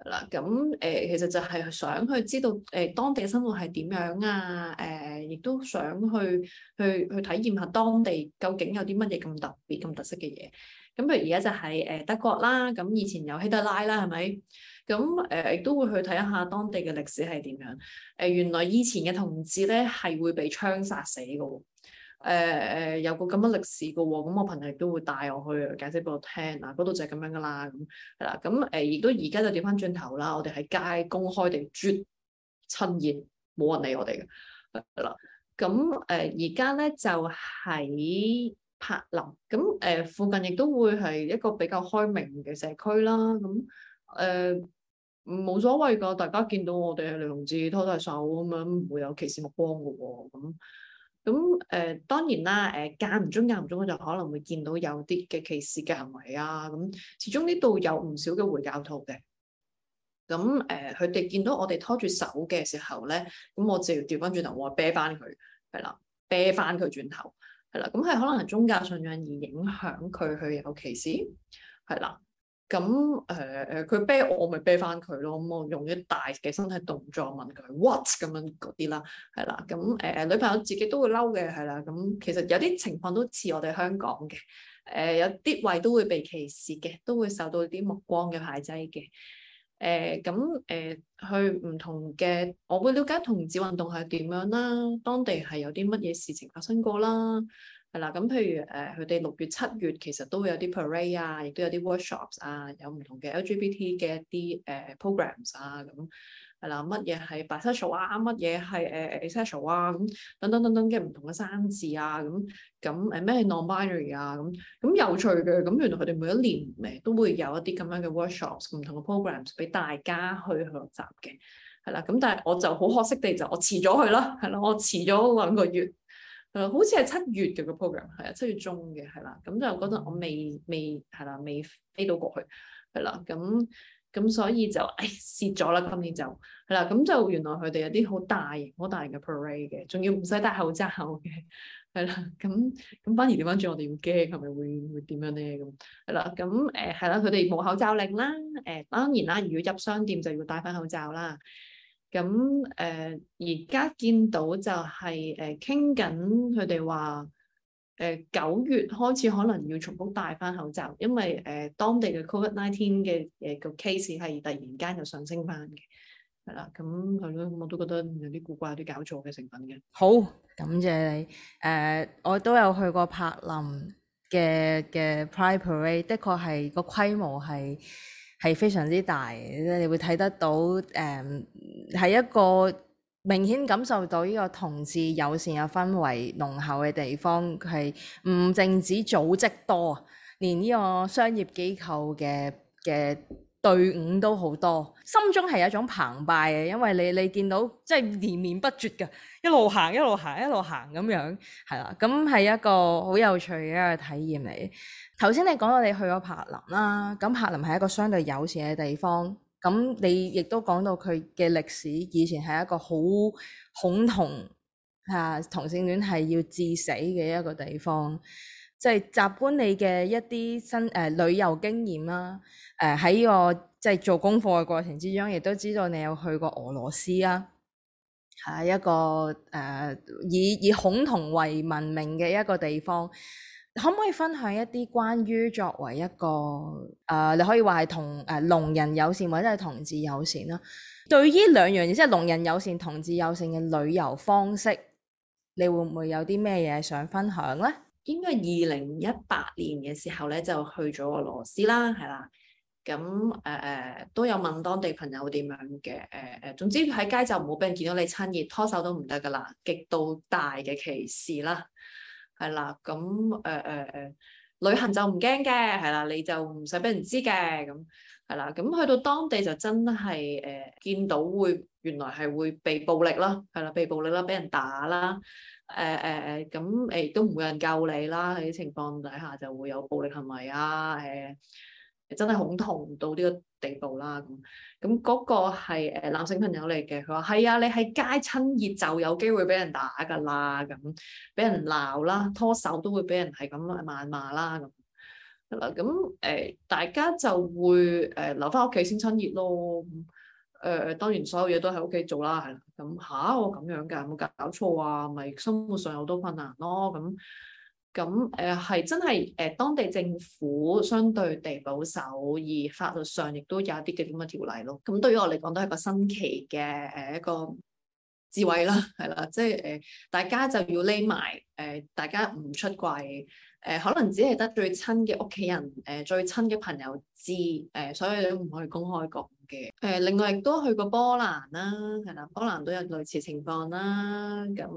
嗱咁誒，其實就係想去知道誒、呃、當地生活係點樣啊。誒、呃，亦都想去去去體驗下當地究竟有啲乜嘢咁特別、咁特色嘅嘢。咁譬如而家就係誒德國啦。咁以前有希特拉啦，係咪？咁誒亦都會去睇一下當地嘅歷史係點樣。誒、呃，原來以前嘅同志咧，係會被槍殺死嘅喎。誒，有個咁嘅歷史嘅喎。咁、哦、我朋友亦都會帶我去解釋俾我聽啊，嗰度就係咁樣噶啦，咁係啦。咁誒亦都而家就調翻轉頭啦，我哋喺街公開地絕親現，冇人理我哋嘅係啦。咁誒而家咧，就喺、是、柏林，咁、呃、誒附近亦都會係一個比較開明嘅社區啦。咁、嗯、誒。呃冇所謂噶，大家見到我哋係女同志拖大手咁樣，唔會有歧視目光噶喎。咁咁誒，當然啦，誒、呃，間唔中間唔中就可能會見到有啲嘅歧視嘅行為啊。咁始終呢度有唔少嘅回教徒嘅，咁誒，佢、呃、哋見到我哋拖住手嘅時候咧，咁我就調翻轉頭，我話啤翻佢，係啦，啤翻佢轉頭，係啦，咁係可能宗教信仰而影響佢去有歧視，係啦。咁誒誒，佢啤、呃、我，咪啤翻佢咯。咁我用啲大嘅身體動作問佢 what 咁樣嗰啲啦，係啦。咁誒、呃、女朋友自己都會嬲嘅，係啦。咁其實有啲情況都似我哋香港嘅，誒、呃、有啲位都會被歧視嘅，都會受到啲目光嘅排擠嘅。誒咁誒去唔同嘅，我會了解同志運動係點樣啦，當地係有啲乜嘢事情發生過啦。係啦，咁譬、嗯、如誒，佢哋六月、七月其實都會有啲 parade 啊，亦都有啲 workshops 啊，有唔同嘅 LGBT 嘅一啲誒、呃、programs 啊，咁係啦，乜嘢係 bisexual 啊，乜嘢係 asexual 啊，咁等等等等嘅唔同嘅生字啊，咁咁誒咩 non-binary 啊，咁咁有趣嘅，咁原來佢哋每一年誒都會有一啲咁樣嘅 workshops，唔同嘅 programs 俾大家去學習嘅，係、嗯、啦，咁、嗯、但係我就好可惜地就我遲咗去啦，係咯，我遲咗兩個月。好似係七月嘅個 program，係啊，七月中嘅係啦，咁就覺得我未未係啦，未飛到過去，係啦，咁咁所以就誒蝕咗啦，今年就係啦，咁就原來佢哋有啲好大型、好大型嘅 parade 嘅，仲要唔使戴口罩嘅，係啦，咁咁反而調翻轉，我哋要驚係咪會會點樣咧？咁係啦，咁誒係啦，佢哋冇口罩令啦，誒當然啦，如果入商店就要戴翻口罩啦。咁誒而家見到就係誒傾緊，佢哋話誒九月開始可能要重複戴翻口罩，因為誒、呃、當地嘅 COVID nineteen 嘅嘅 case 係突然間就上升翻嘅，係、嗯、啦，咁係咯，我都覺得有啲古怪、有啲搞錯嘅成分嘅。好，感謝你。誒、呃，我都有去過柏林嘅嘅 parade，的確係個規模係。係非常之大，你會睇得到，誒、嗯，係一個明顯感受到呢個同志友善嘅氛圍濃厚嘅地方，係唔淨止組織多啊，連呢個商業機構嘅嘅。隊伍都好多，心中係一種澎湃嘅，因為你你見到即係連綿不絕嘅，一路行一路行一路行咁樣，係啦，咁係一個好有趣嘅一個體驗嚟。頭先你講到你去咗柏林啦，咁柏林係一個相對友善嘅地方，咁你亦都講到佢嘅歷史，以前係一個好恐同嚇同性戀係要致死嘅一個地方。即係習慣你嘅一啲新誒、呃、旅遊經驗啦、啊，誒、呃、喺、這個即係、就是、做功課嘅過程之中，亦都知道你有去過俄羅斯啊，係、啊、一個誒、呃、以以恐同為聞名嘅一個地方，可唔可以分享一啲關於作為一個誒、呃、你可以話係同誒聾、呃、人友善或者係同志友善啦？對於兩樣嘢，即係聾人友善、同志友善嘅旅遊方式，你會唔會有啲咩嘢想分享咧？應該係二零一八年嘅時候咧，就去咗俄羅斯啦，係啦。咁誒誒都有問當地朋友點樣嘅，誒、呃、誒。總之喺街就冇俾人見到你親熱，拖手都唔得噶啦，極度大嘅歧視啦，係啦。咁誒誒誒，旅行就唔驚嘅，係啦，你就唔使俾人知嘅咁。係啦，咁去到當地就真係誒、呃、見到會原來係會被暴力啦，係啦，被暴力啦，俾人打啦，誒誒誒，咁、呃、誒都唔會有人救你啦。喺啲情況底下就會有暴力行為啊，誒、呃、真係恐同到呢個地步啦。咁咁嗰個係男性朋友嚟嘅，佢話係啊，你喺街親熱就有機會俾人打㗎啦，咁俾人鬧啦，拖手都會俾人係咁謾罵啦咁。嗱咁誒，大家就會誒留翻屋企先親熱咯。誒、呃、當然所有嘢都喺屋企做啦。係啦，咁嚇我咁樣㗎，有冇搞錯啊？咪、啊、生活上有好多困難咯。咁咁誒係真係誒、嗯、當地政府相對地保守，而法律上亦都有一啲嘅咁嘅條例咯。咁、嗯、 對於我嚟講都係個新奇嘅誒一個智慧啦，係 啦，即係誒大家就要匿埋誒，大家唔出櫃，誒可能只係得最親嘅屋企人，誒最親嘅朋友知，誒所以你都唔可以公開講嘅。誒另外亦都去過波蘭啦，係啦，波蘭都有類似情況啦。咁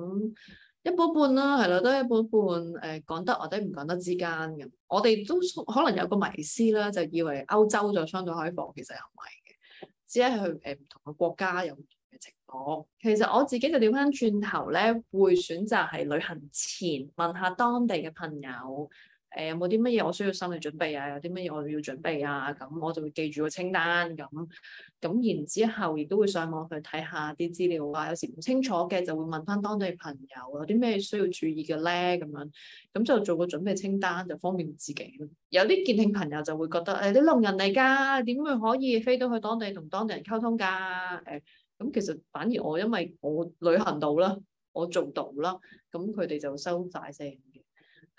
一般般啦，係啦，都一般般。誒講得或者唔講得之間咁，我哋都可能有個迷思啦，就以為歐洲就相對開放，其實又唔係嘅，只係去誒唔同嘅國家有。情其實我自己就調翻轉頭咧，會選擇係旅行前問下當地嘅朋友，誒有冇啲乜嘢我需要心理準備啊？有啲乜嘢我要準備啊？咁我就會記住個清單咁，咁然之後亦都會上網去睇下啲資料啊。有時唔清楚嘅就會問翻當地朋友，有啲咩需要注意嘅咧？咁樣咁就做個準備清單就方便自己。有啲健聽朋友就會覺得誒，啲、哎、聾人嚟㗎，點會可以飛到去當地同當地人溝通㗎？誒、哎。咁其實反而我因為我旅行到啦，我做到啦，咁佢哋就收晒聲嘅。誒、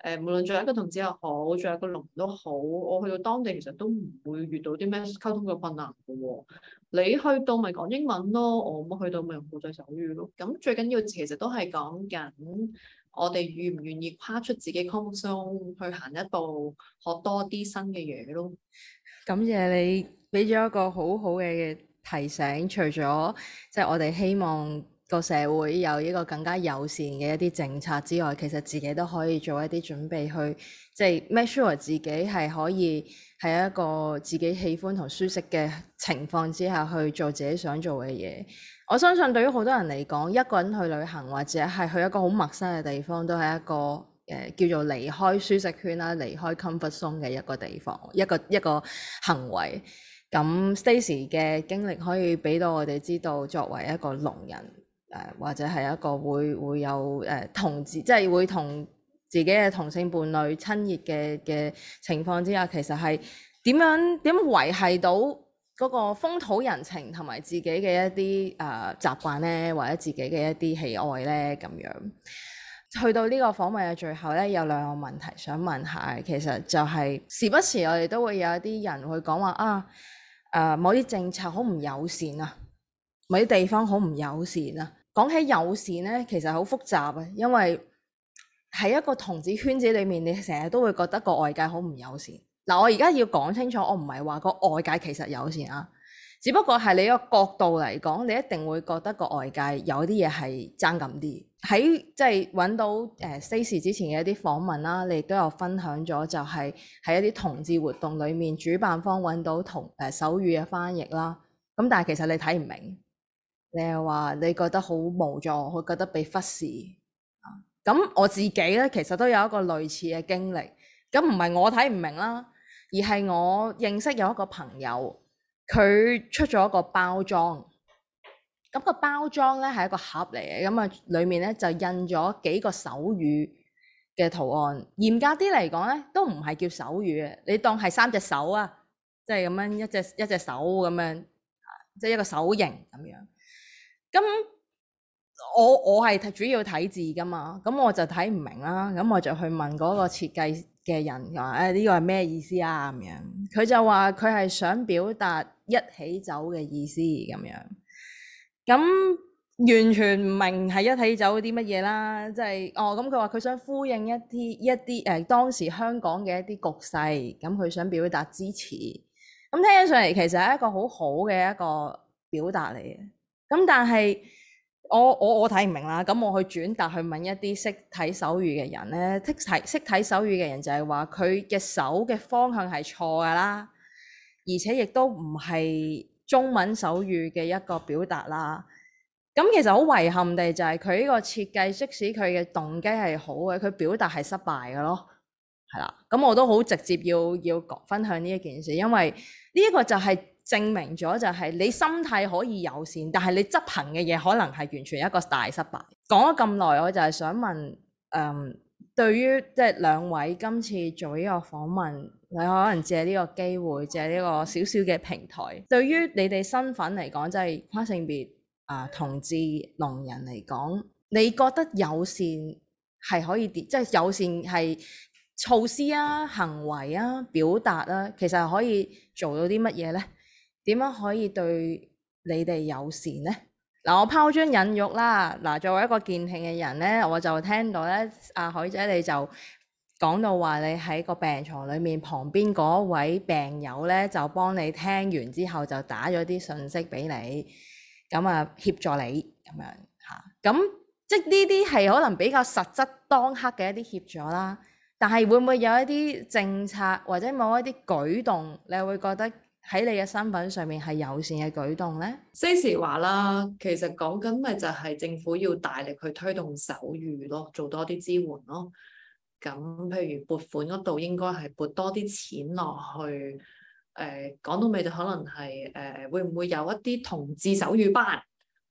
呃，無論作為一個同志又好，作為一個聾人都好，我去到當地其實都唔會遇到啲咩溝通嘅困難嘅喎、哦。你去到咪講英文咯，我冇去到咪用國際手語咯。咁最緊要其實都係講緊我哋願唔願意跨出自己 comfort zone 去行一步，學多啲新嘅嘢咯。感謝你俾咗一個好好嘅。提醒，除咗即係我哋希望個社會有一個更加友善嘅一啲政策之外，其實自己都可以做一啲準備去即係、就是、make sure 自己係可以喺一個自己喜歡同舒適嘅情況之下去做自己想做嘅嘢。我相信對於好多人嚟講，一個人去旅行或者係去一個好陌生嘅地方，都係一個誒、呃、叫做離開舒適圈啦，離開 comfort zone 嘅一個地方，一個一個行為。咁 Stacey 嘅經歷可以俾到我哋知道，作為一個聾人，誒、呃、或者係一個會會有誒、呃、同自，即係會同自己嘅同性伴侶親熱嘅嘅情況之下，其實係點樣點樣維繫到嗰個風土人情同埋自己嘅一啲誒、呃、習慣咧，或者自己嘅一啲喜愛咧，咁樣去到呢個訪問嘅最後咧，有兩個問題想問下，其實就係、是、時不時我哋都會有一啲人會講話啊。誒、uh，某啲政策好唔友善啊，某啲地方好唔友善啊。講起友善咧，其實好複雜啊，因為喺一個同志圈子裏面，你成日都會覺得個外界好唔友善。嗱，我而家要講清楚，我唔係話個外界其實友善啊。只不過係你個角度嚟講，你一定會覺得個外界有啲嘢係爭咁啲。喺即係揾到誒、呃、Stacey 之前嘅一啲訪問啦，你亦都有分享咗，就係喺一啲同志活動裏面，主辦方揾到同誒、呃、手語嘅翻譯啦。咁但係其實你睇唔明，你又話你覺得好無助，會覺得被忽視啊。咁我自己咧，其實都有一個類似嘅經歷。咁唔係我睇唔明啦，而係我認識有一個朋友。佢出咗個包裝，咁個包裝咧係一個盒嚟嘅，咁啊裏面咧就印咗幾個手語嘅圖案。嚴格啲嚟講咧，都唔係叫手語嘅，你當係三隻手啊，即係咁樣一隻一隻手咁樣，即係一個手型咁樣。咁我我係主要睇字噶嘛，咁我就睇唔明啦。咁我就去問嗰個設計嘅人就話，誒呢個係咩意思啊？咁樣，佢就話佢係想表達一起走嘅意思咁樣。咁完全唔明係一起走啲乜嘢啦，即係哦咁佢話佢想呼應一啲一啲誒當時香港嘅一啲局勢，咁佢想表達支持。咁聽起上嚟其實係一個好好嘅一個表達嚟嘅。咁但係，我我我睇唔明啦，咁我去轉達去問一啲識睇手語嘅人咧，識睇手語嘅人就係話佢嘅手嘅方向係錯㗎啦，而且亦都唔係中文手語嘅一個表達啦。咁其實好遺憾地就係佢呢個設計，即使佢嘅動機係好嘅，佢表達係失敗嘅咯，係啦。咁我都好直接要要講分享呢一件事，因為呢一個就係、是。證明咗就係你心態可以友善，但係你執行嘅嘢可能係完全一個大失敗。講咗咁耐，我就係想問，誒、嗯，對於即係兩位今次做呢個訪問，你可能借呢個機會，借呢個小小嘅平台，對於你哋身份嚟講，即係跨性別啊、同志、聾人嚟講，你覺得友善係可以點？即係友善係措施啊、行為啊、表達啊，其實可以做到啲乜嘢呢？點樣可以對你哋友善呢？嗱，我拋磚引玉啦。嗱，作為一個健聽嘅人咧，我就聽到咧，阿、啊、海仔你就講到話你喺個病床裏面，旁邊嗰位病友咧就幫你聽完之後就打咗啲信息俾你，咁啊協助你咁樣嚇。咁即係呢啲係可能比較實質當刻嘅一啲協助啦。但係會唔會有一啲政策或者某一啲舉動，你會覺得？喺你嘅身份上面係友善嘅舉動咧，即係話啦，其實講緊咪就係政府要大力去推動手語咯，做多啲支援咯。咁譬如撥款嗰度應該係撥多啲錢落去。誒、呃、講到尾就可能係誒、呃、會唔會有一啲同志手語班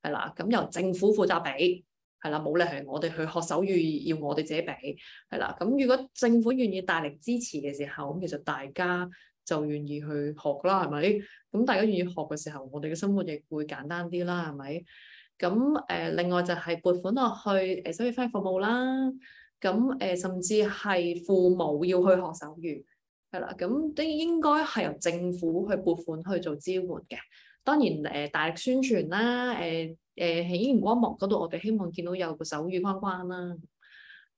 係啦，咁由政府負責俾係啦，冇理由我哋去學手語要我哋自己俾係啦。咁如果政府願意大力支持嘅時候，咁其實大家，就願意去學啦，係咪？咁大家願意學嘅時候，我哋嘅生活亦會簡單啲啦，係咪？咁誒、呃，另外就係撥款落去誒、呃、手語翻譯服務啦。咁誒、呃，甚至係父母要去學手語係啦。咁應應該係由政府去撥款去做支援嘅。當然誒、呃，大力宣傳啦。誒、呃、誒、呃，喺螢光幕嗰度，我哋希望見到有個手語框框啦。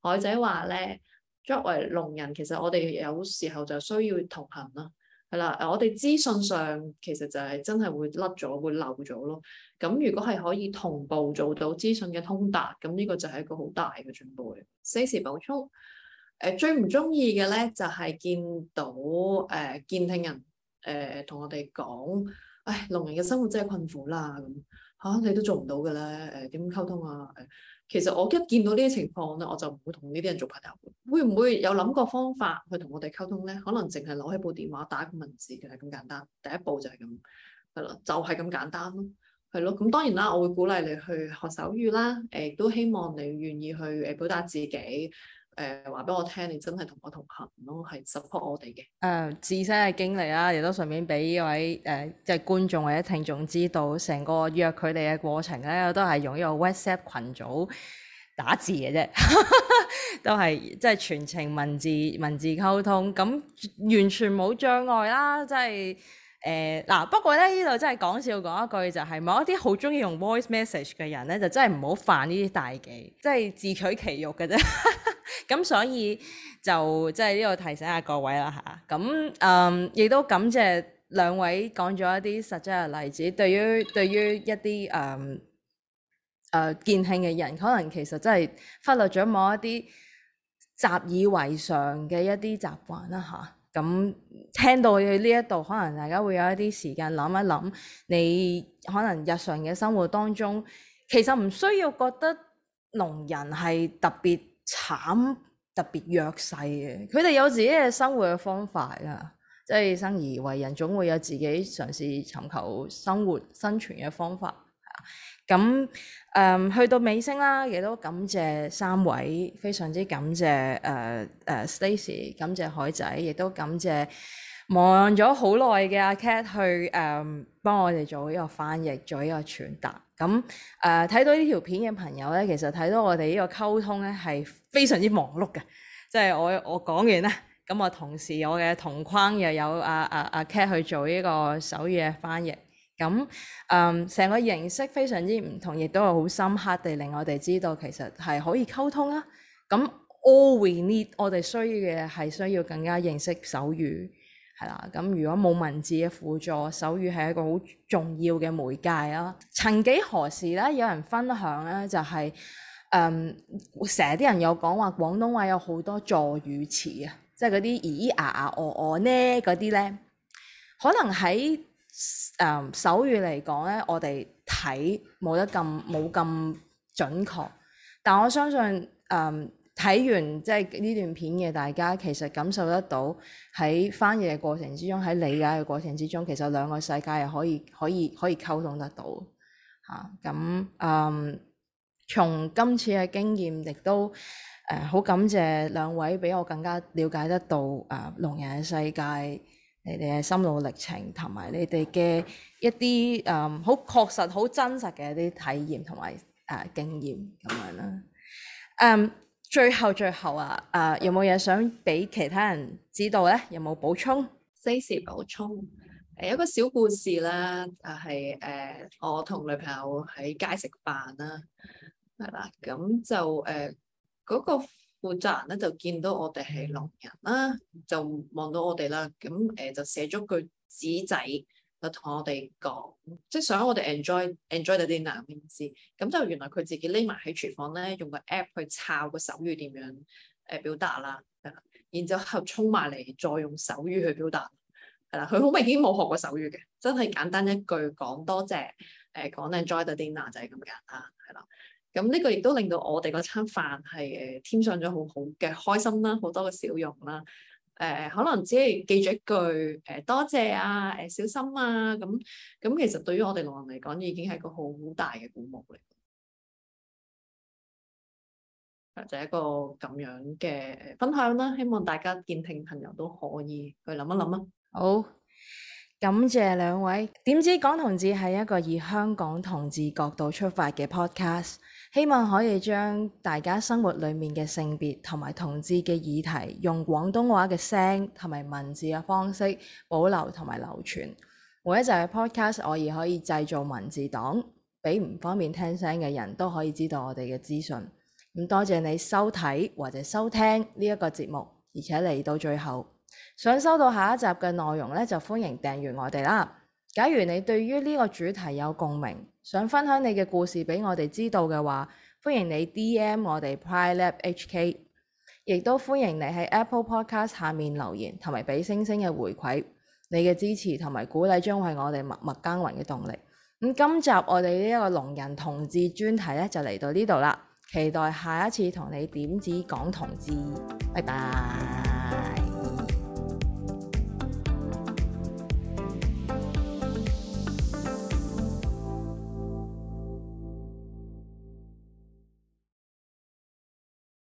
海仔話咧，作為聾人，其實我哋有時候就需要同行啦。係啦，我哋資訊上其實就係真係會甩咗，會漏咗咯。咁如果係可以同步做到資訊嘅通達，咁呢個就係一個好大嘅進步嘅。Stacey 補充，誒、呃、最唔中意嘅咧，就係、是、見到誒健、呃、聽人誒同、呃、我哋講，唉，聾人嘅生活真係困苦啦，咁嚇、啊、你都做唔到嘅咧，誒、呃、點溝通啊？其實我一見到呢啲情況咧，我就唔會同呢啲人做朋友。會唔會有諗過方法去同我哋溝通咧？可能淨係攞起部電話打個文字就係咁簡單。第一步就係咁係咯，就係咁簡單咯，係咯。咁當然啦，我會鼓勵你去學手語啦。誒，亦都希望你願意去誒表達自己。誒話俾我聽，你真係同我同行咯，係 support 我哋嘅。誒自身嘅經歷啦、啊，亦都順便俾呢位誒、呃、即係觀眾或者聽眾知道，成個約佢哋嘅過程咧，都係用呢個 WhatsApp 群組打字嘅啫， 都係即係全程文字文字溝通，咁完全冇障礙啦。即係誒嗱，不過咧呢度真係講笑講一句，就係，就係某一啲好中意用 voice message 嘅人咧，就真係唔好犯呢啲大忌，即係自取其辱嘅啫。 咁所以就即係呢度提醒下各位啦吓，咁誒亦都感謝兩位講咗一啲實際嘅例子，對於對於一啲誒誒健聽嘅人，可能其實真係忽略咗某一啲習以為常嘅一啲習慣啦吓。咁、啊嗯、聽到呢一度，可能大家會有一啲時間諗一諗，你可能日常嘅生活當中，其實唔需要覺得聾人係特別。慘特別弱勢嘅，佢哋有自己嘅生活嘅方法啊！即係生而為人，總會有自己嘗試尋求生活生存嘅方法。咁誒、嗯，去到尾聲啦，亦都感謝三位，非常之感謝誒誒、呃呃、Stacey，感謝海仔，亦都感謝忙咗好耐嘅阿 Cat 去誒、嗯、幫我哋做呢個翻譯，做呢個傳達。咁誒睇到呢條片嘅朋友咧，其實睇到我哋呢個溝通咧係非常之忙碌嘅，即係我我講完啦，咁我同時我嘅同框又有阿阿阿 Cat 去做呢個手語嘅翻譯，咁嗯，成個形式非常之唔同，亦都係好深刻地令我哋知道其實係可以溝通啦。咁 All we need，我哋需要嘅係需要更加認識手語。係啦，咁如果冇文字嘅輔助，手語係一個好重要嘅媒介啦。曾幾何時咧，有人分享咧，就係，嗯，成日啲人有講話廣東話有好多助語詞啊，即係嗰啲咿咿呀呀、哦哦呢嗰啲咧，可能喺，嗯，手語嚟講咧，我哋睇冇得咁冇咁準確，但我相信，嗯。睇完即係呢段片嘅大家，其實感受得到喺翻譯嘅過程之中，喺理解嘅過程之中，其實兩個世界係可以可以可以溝通得到吓。咁、啊、嗯，從今次嘅經驗，亦都誒好、呃、感謝兩位，俾我更加瞭解得到誒聾、呃、人嘅世界，你哋嘅心路歷程，同埋你哋嘅一啲誒好確實、好真實嘅一啲體驗同埋誒經驗咁樣啦，嗯。最後最後啊，啊有冇嘢想俾其他人知道咧？有冇補充？隨時補充。誒，有個小故事啦，就係誒，我同女朋友喺街食飯啦，係啦，咁就誒，嗰個負責人咧就見到我哋係聾人啦，就望到我哋啦，咁誒就寫咗句紙仔。就同我哋講，即係想我哋 enjoy enjoy the dinner 嘅意思。咁就原來佢自己匿埋喺廚房咧，用個 app 去抄個手語點樣誒表達啦，係啦。然之後衝埋嚟再用手語去表達，係啦。佢好明顯冇學過手語嘅，真係簡單一句講多謝，誒、呃、講 enjoy the dinner 就係咁簡單，係啦。咁呢個亦都令到我哋嗰餐飯係添上咗好好嘅開心啦，好多嘅笑容啦。誒、呃、可能只係記咗一句，誒、呃、多謝啊，誒、呃、小心啊，咁咁其實對於我哋聾人嚟講已經係個好大嘅鼓舞嚟。就一個咁樣嘅分享啦，希望大家健聽朋友都可以去諗一諗啦。好，感謝兩位。點知港同志係一個以香港同志角度出發嘅 podcast。希望可以將大家生活裡面嘅性別同埋同志嘅議題，用廣東話嘅聲同埋文字嘅方式保留同埋流傳。每一集嘅 podcast 我哋可以製造文字檔，俾唔方便聽聲嘅人都可以知道我哋嘅資訊。多謝你收睇或者收聽呢一個節目，而且嚟到最後，想收到下一集嘅內容咧，就歡迎訂閱我哋啦。假如你對於呢個主題有共鳴，想分享你嘅故事俾我哋知道嘅話，歡迎你 DM 我哋 Pride Lab HK，亦都歡迎你喺 Apple Podcast 下面留言，同埋俾星星嘅回饋，你嘅支持同埋鼓勵將係我哋默默耕耘嘅動力。咁今集我哋呢一個聾人同志專題咧就嚟到呢度啦，期待下一次同你點止講同志，拜拜。